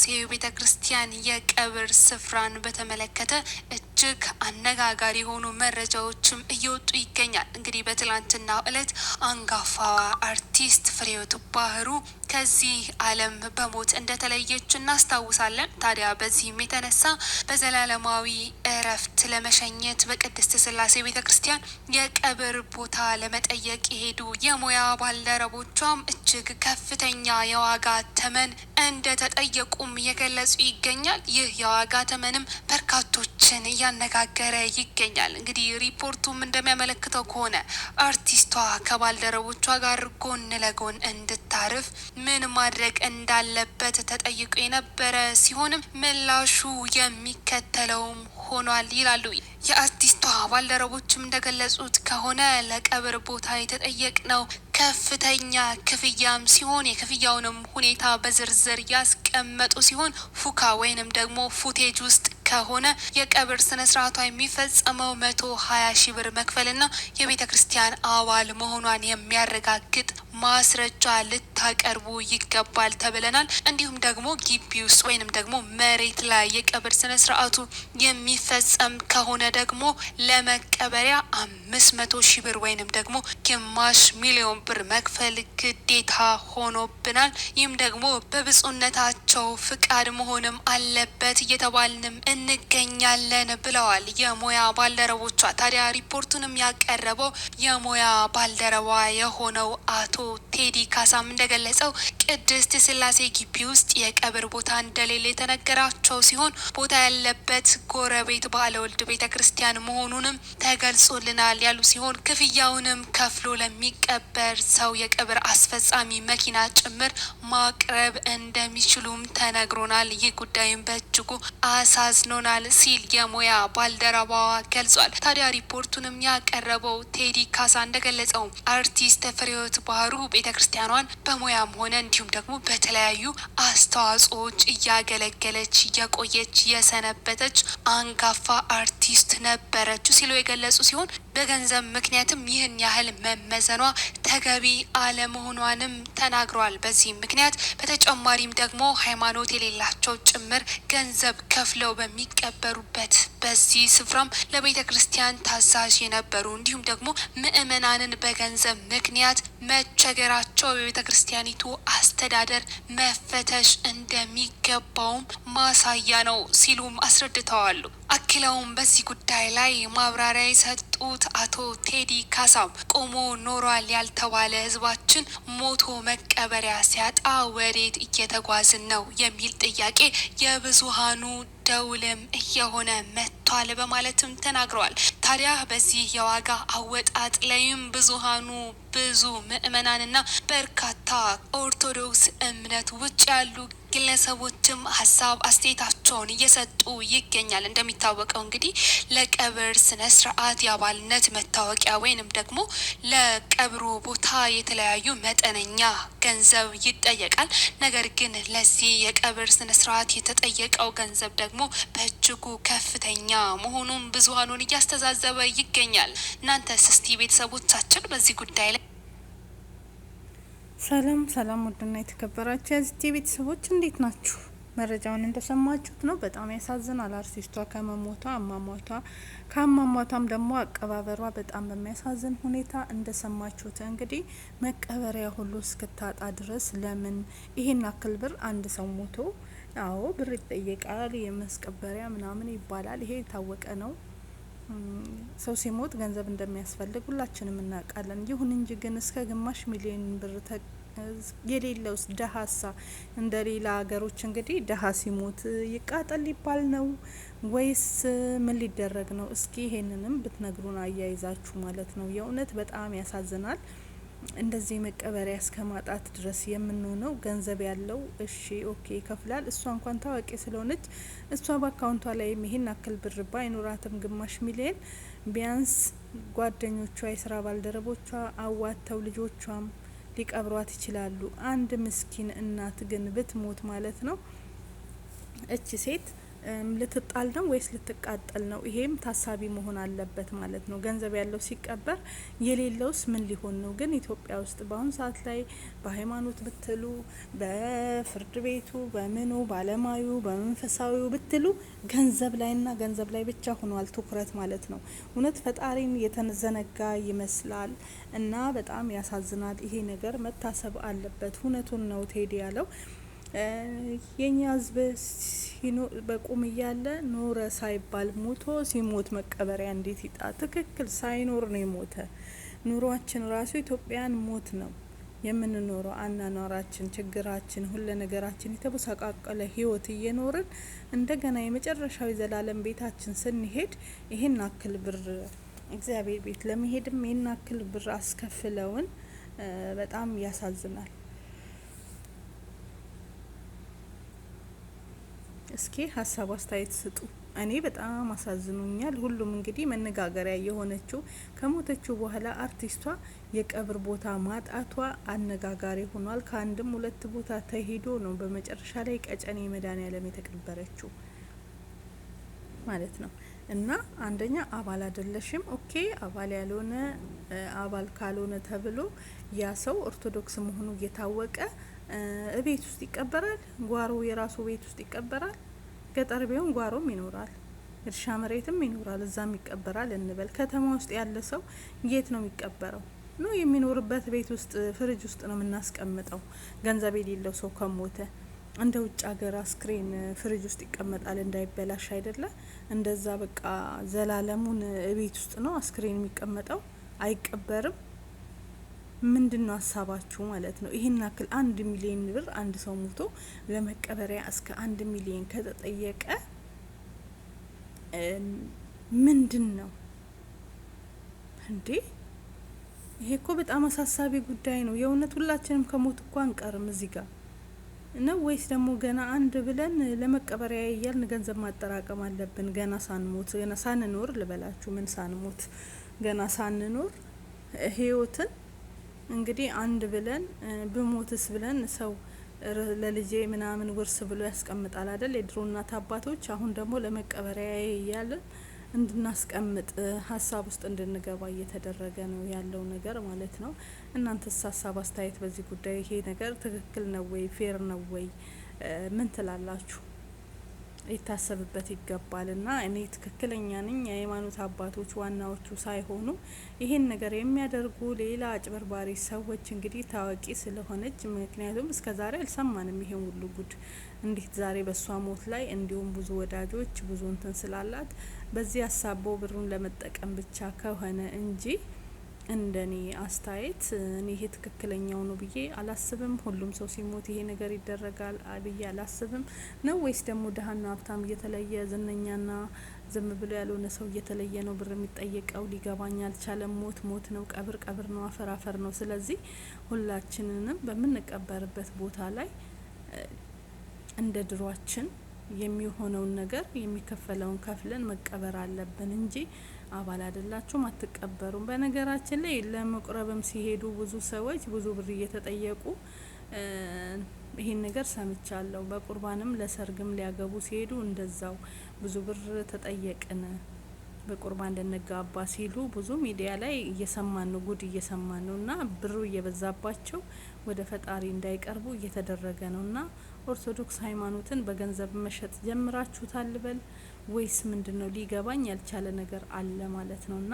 የአርሴ ቤተ ክርስቲያን የቀብር ስፍራን በተመለከተ እጅግ አነጋጋሪ የሆኑ መረጃዎችም እየወጡ ይገኛል። እንግዲህ በትላንትናው እለት አንጋፋዋ አርቲስት ፍሬህይወት ባህሩ ከዚህ ዓለም በሞት እንደተለየች እናስታውሳለን። ታዲያ በዚህም የተነሳ በዘላለማዊ እረፍት ለመሸኘት በቅድስት ስላሴ ቤተ ክርስቲያን የቀብር ቦታ ለመጠየቅ የሄዱ የሙያ ባልደረቦቿም እጅግ ከፍተኛ የዋጋ ተመን እንደተጠየቁም እየገለጹ ይገኛል። ይህ የዋጋ ተመንም በርካቶችን እያ እያነጋገረ ይገኛል። እንግዲህ ሪፖርቱም እንደሚያመለክተው ከሆነ አርቲስቷ ከባልደረቦቿ ጋር ጎን ለጎን እንድታርፍ ምን ማድረግ እንዳለበት ተጠይቆ የነበረ ሲሆንም ምላሹ የሚከተለውም ሆኗል ይላሉ። የአርቲስቷ ባልደረቦችም እንደገለጹት ከሆነ ለቀብር ቦታ ነው ከፍተኛ ክፍያም ሲሆን የክፍያውንም ሁኔታ በዝርዝር ያስቀመጡ ሲሆን ፉካ ወይንም ደግሞ ፉቴጅ ውስጥ ከሆነ የቀብር ስነ ስርዓቷ የሚፈጸመው መቶ ሀያ ሺ ብር መክፈልና የቤተ ክርስቲያን አባል መሆኗን የሚያረጋግጥ ማስረጃ ልታቀርቡ ይገባል ተብለናል። እንዲሁም ደግሞ ግቢ ውስጥ ወይንም ደግሞ መሬት ላይ የቀብር ስነ ስርዓቱ የሚፈጸም ከሆነ ደግሞ ለመቀበሪያ አምስት መቶ ሺህ ብር ወይንም ደግሞ ግማሽ ሚሊዮን ብር መክፈል ግዴታ ሆኖብናል። ይህም ደግሞ በብፁዕነታቸው ፍቃድ መሆንም አለበት እየተባልንም እንገኛለን ብለዋል የሙያ ባልደረቦቿ። ታዲያ ሪፖርቱንም ያቀረበው የሙያ ባልደረባ የሆነው አቶ ቴዲ ካሳም እንደገለጸው ቅድስት ስላሴ ግቢ ውስጥ የቀብር ቦታ እንደሌለ የተነገራቸው ሲሆን ቦታ ያለበት ጎረቤት ባለወልድ ቤተ ክርስቲያን መሆኑንም ተገልጾልናል ያሉ ሲሆን ክፍያውንም ከፍሎ ለሚቀበር ሰው የቀብር አስፈጻሚ መኪና ጭምር ማቅረብ እንደሚችሉም ተነግሮናል። ይህ ጉዳይም በእጅጉ አሳዝኖናል ሲል የሙያ ባልደረባዋ ገልጿል። ታዲያ ሪፖርቱንም ያቀረበው ቴዲ ካሳ እንደገለጸው አርቲስት ፍሬህይወት ባህሩ ቤተ ክርስቲያኗን በሙያም ሆነ እንዲሁ እንዲሁም ደግሞ በተለያዩ አስተዋጽኦዎች እያገለገለች እያቆየች የሰነበተች አንጋፋ አርቲስት ነበረች ሲሉ የገለጹ ሲሆን በገንዘብ ምክንያትም ይህን ያህል መመዘኗ ተገቢ አለመሆኗንም ተናግሯል በዚህም ምክንያት በተጨማሪም ደግሞ ሃይማኖት የሌላቸው ጭምር ገንዘብ ከፍለው በሚቀበሩበት በዚህ ስፍራም ለቤተ ክርስቲያን ታዛዥ የነበሩ እንዲሁም ደግሞ ምእመናንን በገንዘብ ምክንያት መቸገራቸው የቤተ ክርስቲያኒቱ አስተዳደር መፈተሽ እንደሚገባውም ማሳያ ነው ሲሉም አስረድተዋል። አክለውም በዚህ ጉዳይ ላይ ማብራሪያ የሰጡት አቶ ቴዲ ካሳም ቆሞ ኖሯል ያልተባለ ህዝባችን ሞቶ መቀበሪያ ሲያጣ ወዴት እየተጓዝን ነው የሚል ጥያቄ የብዙሃኑ ደውልም እየሆነ መጥቷል በማለትም ተናግረዋል። ታዲያ በዚህ የዋጋ አወጣጥ ላይም ብዙሃኑ ብዙ ምዕመናንና በርካታ ኦርቶዶክስ እምነት ውጭ ያሉ ግለሰቦችም ሀሳብ አስተያየታቸውን እየሰጡ ይገኛል። እንደሚታወቀው እንግዲህ ለቀብር ስነ ስርዓት የአባልነት መታወቂያ ወይንም ደግሞ ለቀብሩ ቦታ የተለያዩ መጠነኛ ገንዘብ ይጠየቃል። ነገር ግን ለዚህ የቀብር ስነ ስርዓት የተጠየቀው ገንዘብ ደግሞ በእጅጉ ከፍተኛ መሆኑን ብዙሀኑን እያስተዛዘ እየታዘበ ይገኛል። እናንተ ስስቲ ቤተሰቦቻችን በዚህ ጉዳይ ላይ ሰላም ሰላም፣ ውድና የተከበራችሁ የዚህ ቤተሰቦች እንዴት ናችሁ? መረጃውን እንደሰማችሁት ነው። በጣም ያሳዝናል። አርቲስቷ ከመሞቷ አሟሟቷ ከአሟሟቷም ደግሞ አቀባበሯ በጣም በሚያሳዝን ሁኔታ እንደሰማችሁት እንግዲህ መቀበሪያ ሁሉ እስክታጣ ድረስ ለምን ይሄን አክል ብር አንድ ሰው ሞቶ አዎ ብር ይጠየቃል፣ የመስቀበሪያ ምናምን ይባላል። ይሄ የታወቀ ነው። ሰው ሲሞት ገንዘብ እንደሚያስፈልግ ሁላችንም እናውቃለን። ይሁን እንጂ ግን እስከ ግማሽ ሚሊዮን ብር የሌለው ደሀሳ እንደ ሌላ ሀገሮች እንግዲህ ደሀ ሲሞት ይቃጠል ሊባል ነው ወይስ ምን ሊደረግ ነው? እስኪ ይሄንንም ብትነግሩን አያይዛችሁ ማለት ነው። የእውነት በጣም ያሳዝናል። እንደዚህ መቀበሪያ እስከ ማጣት ድረስ የምንሆነው ገንዘብ ያለው እሺ ኦኬ ይከፍላል። እሷ እንኳን ታዋቂ ስለሆነች እሷ በአካውንቷ ላይ ይሄን አክል ብር ባይኖራትም ግማሽ ሚሊየን ቢያንስ ጓደኞቿ፣ የስራ ባልደረቦቿ አዋተው ልጆቿም ሊቀብሯት ይችላሉ። አንድ ምስኪን እናት ግን ብትሞት ማለት ነው እቺ ሴት ልትጣል ነው ወይስ ልትቃጠል ነው? ይሄም ታሳቢ መሆን አለበት ማለት ነው። ገንዘብ ያለው ሲቀበር የሌለውስ ምን ሊሆን ነው? ግን ኢትዮጵያ ውስጥ በአሁኑ ሰዓት ላይ በሃይማኖት ብትሉ፣ በፍርድ ቤቱ፣ በምኑ ባለማዩ፣ በመንፈሳዊው ብትሉ ገንዘብ ላይና ገንዘብ ላይ ብቻ ሆኗል ትኩረት ማለት ነው። እውነት ፈጣሪን የተዘነጋ ይመስላል እና በጣም ያሳዝናል። ይሄ ነገር መታሰብ አለበት። እውነቱን ነው ቴዲ ያለው የኛ ህዝብ በቁም እያለ ኖረ ሳይባል ሞቶ ሲሞት መቀበሪያ እንዴት ይጣ? ትክክል ሳይኖር ነው የሞተ። ኑሯችን ራሱ ኢትዮጵያን ሞት ነው የምንኖረው። አናኗራችን፣ ችግራችን፣ ሁለ ነገራችን የተበሳቃቀለ ህይወት እየኖርን እንደገና የመጨረሻዊ ዘላለም ቤታችን ስንሄድ ይሄን አክል ብር እግዚአብሔር ቤት ለመሄድም ይህን አክል ብር አስከፍለውን በጣም ያሳዝናል። እስኪ ሀሳብ አስተያየት ስጡ። እኔ በጣም አሳዝኑኛል። ሁሉም እንግዲህ መነጋገሪያ የሆነችው ከሞተችው በኋላ አርቲስቷ የቀብር ቦታ ማጣቷ አነጋጋሪ ሆኗል። ከአንድም ሁለት ቦታ ተሄዶ ነው በመጨረሻ ላይ ቀጨኔ መድኃኔዓለም የተቀበረችው ማለት ነው። እና አንደኛ አባል አይደለሽም፣ ኦኬ አባል ያልሆነ አባል ካልሆነ ተብሎ ያ ሰው ኦርቶዶክስ መሆኑ እየታወቀ ቤት ውስጥ ይቀበራል። ጓሮ የራሱ ቤት ውስጥ ይቀበራል። ገጠር ቢሆን ጓሮም ይኖራል፣ እርሻ መሬትም ይኖራል፣ እዛም ይቀበራል እንበል። ከተማ ውስጥ ያለ ሰው የት ነው የሚቀበረው? ነው የሚኖርበት ቤት ውስጥ ፍሪጅ ውስጥ ነው የምናስቀምጠው። ገንዘብ የሌለው ሰው ከሞተ እንደ ውጭ ሀገር አስክሬን ፍሪጅ ውስጥ ይቀመጣል እንዳይበላሽ አይደለ? እንደዛ በቃ ዘላለሙን ቤት ውስጥ ነው አስክሬን የሚቀመጠው፣ አይቀበርም። ምንድን ነው ሀሳባችሁ ማለት ነው። ይህን ያክል አንድ ሚሊዮን ብር አንድ ሰው ሞቶ ለመቀበሪያ እስከ አንድ ሚሊዮን ከተጠየቀ ምንድን ነው እንዴ? ይሄ እኮ በጣም አሳሳቢ ጉዳይ ነው። የእውነት ሁላችንም ከሞት እኮ አንቀርም እዚህ ጋር ነው ወይስ ደግሞ ገና አንድ ብለን ለመቀበሪያ እያልን ገንዘብ ማጠራቀም አለብን? ገና ሳንሞት ገና ሳንኖር ልበላችሁ ምን ሳንሞት ገና ሳንኖር ህይወትን እንግዲህ አንድ ብለን ብሞትስ ብለን ሰው ለልጄ ምናምን ውርስ ብሎ ያስቀምጣል አይደል? የድሮ እናት አባቶች። አሁን ደግሞ ለመቀበሪያ እያለን እንድናስቀምጥ ሀሳብ ውስጥ እንድንገባ እየተደረገ ነው ያለው ነገር ማለት ነው። እናንተስ ሀሳብ አስተያየት በዚህ ጉዳይ ይሄ ነገር ትክክል ነው ወይ ፌር ነው ወይ ምን ትላላችሁ? ሊታሰብበት ይገባል እና እኔ ትክክለኛ ነኝ የሃይማኖት አባቶች ዋናዎቹ ሳይሆኑ ይህን ነገር የሚያደርጉ ሌላ አጭበርባሪ ሰዎች እንግዲህ ታዋቂ ስለሆነች ምክንያቱም እስከ ዛሬ አልሰማንም ይሄን ሁሉ ጉድ እንዴት ዛሬ በእሷ ሞት ላይ እንዲሁም ብዙ ወዳጆች ብዙ እንትን ስላላት በዚህ አሳቦ ብሩን ለመጠቀም ብቻ ከሆነ እንጂ እንደኔ አስተያየት እኔ ይሄ ትክክለኛው ነው ብዬ አላስብም። ሁሉም ሰው ሲሞት ይሄ ነገር ይደረጋል ብዬ አላስብም። ነው ወይስ ደግሞ ድሀና ሀብታም እየተለየ ዝነኛና ዝም ብሎ ያልሆነ ሰው እየተለየ ነው ብር የሚጠየቀው? ሊገባኝ አልቻለም። ሞት ሞት ነው፣ ቀብር ቀብር ነው፣ አፈር አፈር ነው። ስለዚህ ሁላችንንም በምንቀበርበት ቦታ ላይ እንደ ድሯችን የሚሆነውን ነገር የሚከፈለውን ከፍለን መቀበር አለብን እንጂ አባል አይደላችሁም፣ አትቀበሩም። በነገራችን ላይ ለመቁረብም ሲሄዱ ብዙ ሰዎች ብዙ ብር እየተጠየቁ ይሄን ነገር ሰምቻለሁ። በቁርባንም ለሰርግም ሊያገቡ ሲሄዱ እንደዛው ብዙ ብር ተጠየቅን በቁርባን እንድንጋባ ሲሉ ብዙ ሚዲያ ላይ እየሰማን ነው፣ ጉድ እየሰማን ነው። እና ብሩ እየበዛባቸው ወደ ፈጣሪ እንዳይቀርቡ እየተደረገ ነው። እና ኦርቶዶክስ ሃይማኖትን በገንዘብ መሸጥ ጀምራችሁታል በል ወይስ ምንድን ነው ሊገባኝ ያልቻለ ነገር አለ ማለት ነው። እና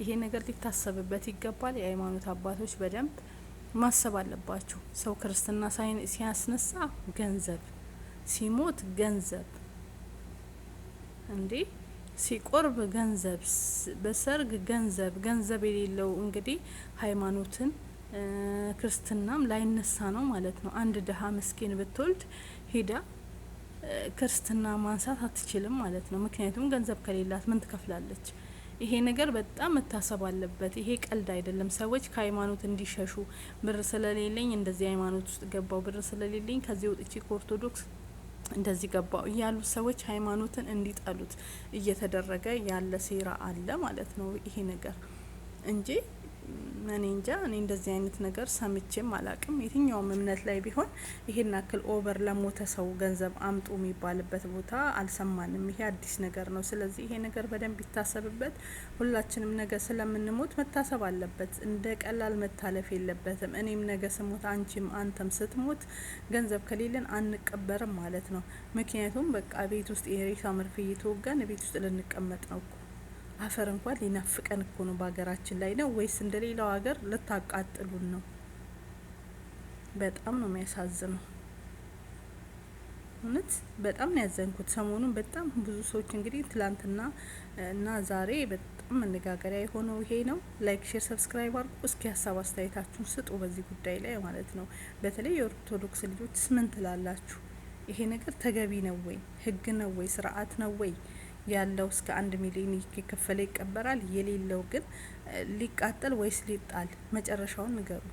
ይሄ ነገር ሊታሰብበት ይገባል። የሃይማኖት አባቶች በደንብ ማሰብ አለባቸው። ሰው ክርስትና ሲያስነሳ ገንዘብ፣ ሲሞት ገንዘብ እንዴ ሲቆርብ ገንዘብ፣ በሰርግ ገንዘብ። ገንዘብ የሌለው እንግዲህ ሃይማኖትን ክርስትናም ላይነሳ ነው ማለት ነው። አንድ ድሀ ምስኪን ብትወልድ ሂዳ ክርስትና ማንሳት አትችልም ማለት ነው። ምክንያቱም ገንዘብ ከሌላት ምን ትከፍላለች? ይሄ ነገር በጣም መታሰብ አለበት። ይሄ ቀልድ አይደለም። ሰዎች ከሃይማኖት እንዲሸሹ ብር ስለሌለኝ እንደዚህ ሃይማኖት ውስጥ ገባው፣ ብር ስለሌለኝ ከዚህ ወጥቼ ከኦርቶዶክስ እንደዚህ ገባው እያሉ ሰዎች ሃይማኖትን እንዲጠሉት እየተደረገ ያለ ሴራ አለ ማለት ነው ይሄ ነገር እንጂ እኔ እንጃ እኔ እንደዚህ አይነት ነገር ሰምቼም አላቅም። የትኛውም እምነት ላይ ቢሆን ይሄን ያክል ኦቨር ለሞተ ሰው ገንዘብ አምጡ የሚባልበት ቦታ አልሰማንም። ይሄ አዲስ ነገር ነው። ስለዚህ ይሄ ነገር በደንብ ይታሰብበት። ሁላችንም ነገ ስለምንሞት መታሰብ አለበት። እንደ ቀላል መታለፍ የለበትም። እኔም ነገ ስሞት፣ አንቺም አንተም ስትሞት ገንዘብ ከሌለን አንቀበርም ማለት ነው። ምክንያቱም በቃ ቤት ውስጥ የሬሳ መርፌ እየተወጋን ቤት ውስጥ ልንቀመጥ ነው እኮ አፈር እንኳን ሊናፍቀን እኮ ነው በሀገራችን ላይ ነው ወይስ እንደሌላው ሀገር ልታቃጥሉን ነው? በጣም ነው የሚያሳዝነው። እውነት በጣም ነው ያዘንኩት። ሰሞኑን በጣም ብዙ ሰዎች እንግዲህ ትላንትና እና ዛሬ በጣም መነጋገሪያ የሆነው ይሄ ነው። ላይክ፣ ሼር፣ ሰብስክራይብ አድርጉ። እስኪ ሀሳብ አስተያየታችሁን ስጡ በዚህ ጉዳይ ላይ ማለት ነው። በተለይ የኦርቶዶክስ ልጆች ምን ትላላችሁ? ይሄ ነገር ተገቢ ነው ወይ? ህግ ነው ወይ? ስርዓት ነው ወይ? ያለው እስከ አንድ ሚሊዮን የከፈለ ይቀበራል። የሌለው ግን ሊቃጠል ወይስ ሊጣል መጨረሻውን ንገሩ።